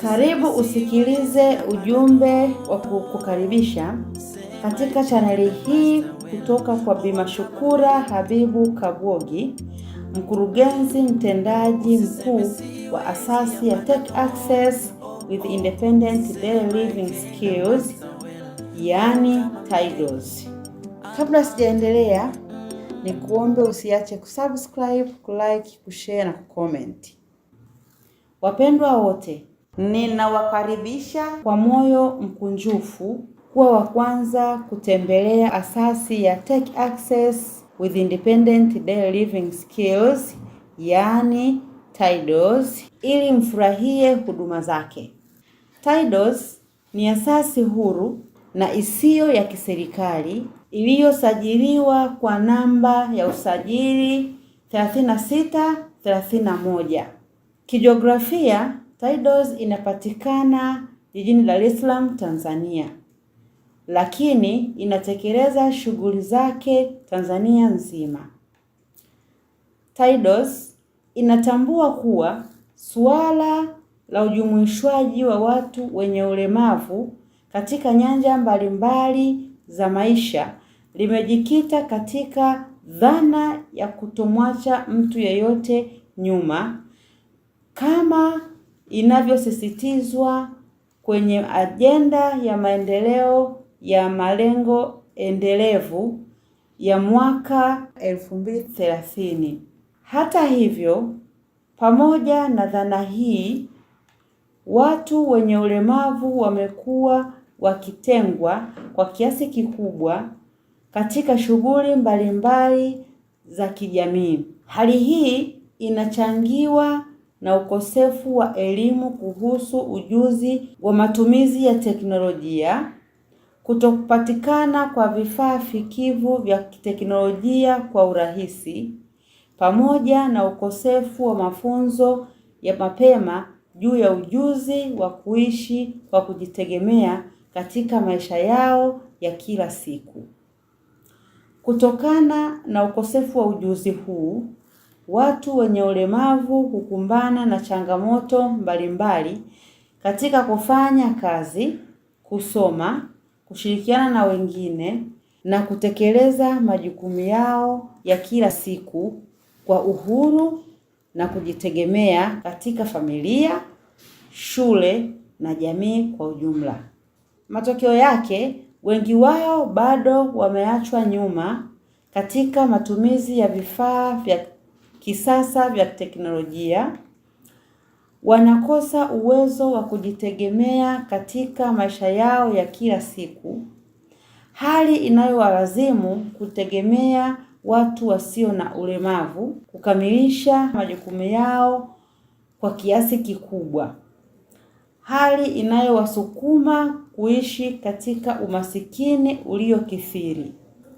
Karibu usikilize ujumbe wa kukukaribisha katika chaneli hii kutoka kwa Bima Shukura Habibu Kabwogi, mkurugenzi mtendaji mkuu wa asasi ya Tech Access with Independent Daily Living Skills, yani TIDLS. Kabla sijaendelea, ni kuombe usiache kusubscribe, kulike, kushare na kucomment. Wapendwa wote Ninawakaribisha kwa moyo mkunjufu kuwa wa kwanza kutembelea asasi ya Tech Access with Independent Daily Living Skills, yaani TIDOS, ili mfurahie huduma zake. TIDOS ni asasi huru na isiyo ya kiserikali iliyosajiliwa kwa namba ya usajili 3631. Kijiografia Tidals inapatikana jijini Dar es Salaam, Tanzania, lakini inatekeleza shughuli zake Tanzania nzima. Tidals inatambua kuwa suala la ujumuishwaji wa watu wenye ulemavu katika nyanja mbalimbali za maisha limejikita katika dhana ya kutomwacha mtu yeyote nyuma kama inavyosisitizwa kwenye ajenda ya maendeleo ya malengo endelevu ya mwaka 2030. Hata hivyo, pamoja na dhana hii, watu wenye ulemavu wamekuwa wakitengwa kwa kiasi kikubwa katika shughuli mbalimbali za kijamii. Hali hii inachangiwa na ukosefu wa elimu kuhusu ujuzi wa matumizi ya teknolojia, kutopatikana kwa vifaa fikivu vya kiteknolojia kwa urahisi, pamoja na ukosefu wa mafunzo ya mapema juu ya ujuzi wa kuishi kwa kujitegemea katika maisha yao ya kila siku. Kutokana na ukosefu wa ujuzi huu Watu wenye ulemavu hukumbana na changamoto mbalimbali katika kufanya kazi, kusoma, kushirikiana na wengine na kutekeleza majukumu yao ya kila siku kwa uhuru na kujitegemea katika familia, shule na jamii kwa ujumla. Matokeo yake, wengi wao bado wameachwa nyuma katika matumizi ya vifaa vya kisasa vya teknolojia, wanakosa uwezo wa kujitegemea katika maisha yao ya kila siku, hali inayowalazimu kutegemea watu wasio na ulemavu kukamilisha majukumu yao kwa kiasi kikubwa, hali inayowasukuma kuishi katika umasikini uliokithiri.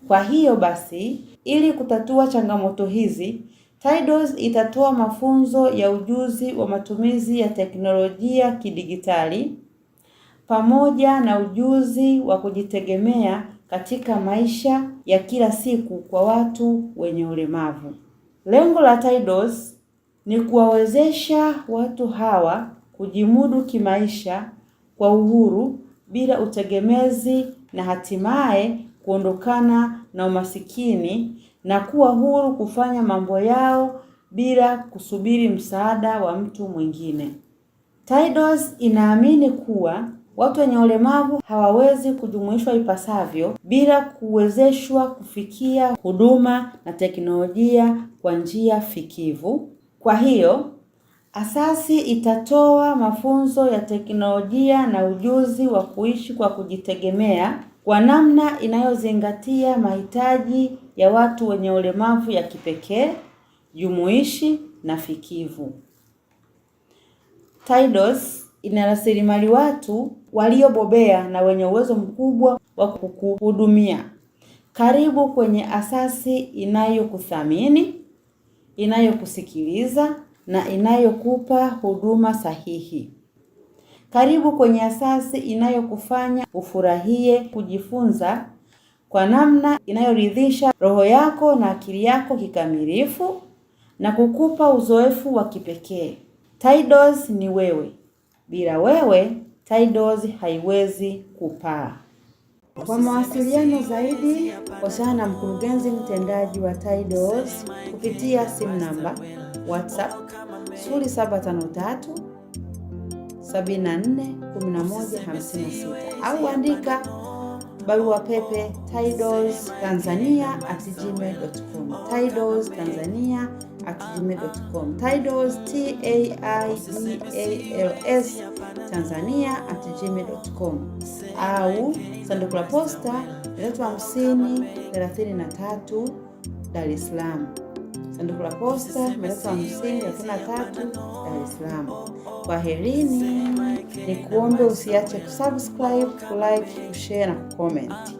Kwa hiyo basi, ili kutatua changamoto hizi Traidos itatoa mafunzo ya ujuzi wa matumizi ya teknolojia kidigitali pamoja na ujuzi wa kujitegemea katika maisha ya kila siku kwa watu wenye ulemavu. Lengo la Traidos ni kuwawezesha watu hawa kujimudu kimaisha kwa uhuru bila utegemezi na hatimaye kuondokana na umasikini na kuwa huru kufanya mambo yao bila kusubiri msaada wa mtu mwingine. TIDOS inaamini kuwa watu wenye ulemavu hawawezi kujumuishwa ipasavyo bila kuwezeshwa kufikia huduma na teknolojia kwa njia fikivu. Kwa hiyo, asasi itatoa mafunzo ya teknolojia na ujuzi wa kuishi kwa kujitegemea kwa namna inayozingatia mahitaji ya watu wenye ulemavu ya kipekee, jumuishi na fikivu. TIDOS ina rasilimali watu waliobobea na wenye uwezo mkubwa wa kukuhudumia. Karibu kwenye asasi inayokuthamini, inayokusikiliza na inayokupa huduma sahihi. Karibu kwenye asasi inayokufanya ufurahie kujifunza kwa namna inayoridhisha roho yako na akili yako kikamilifu na kukupa uzoefu wa kipekee. Tidals ni wewe. Bila wewe Tidals haiwezi kupaa. Kwa mawasiliano zaidi, wasiliana na mkurugenzi mtendaji wa Tidals kupitia simu namba WhatsApp 0753 741156 au andika barua pepe Tidals Tanzania at gmail.com. Tidals Tanzania at gmail.com. Tidals T A I D A L S Tanzania at gmail.com au sanduku la posta 350 33 Dar es Salaam. Sanduku la posta mia tatu hamsini tatu, Dar es Salaam. herini, ni kuombe usiache kusubscribe, kulike, kushare na kucomment.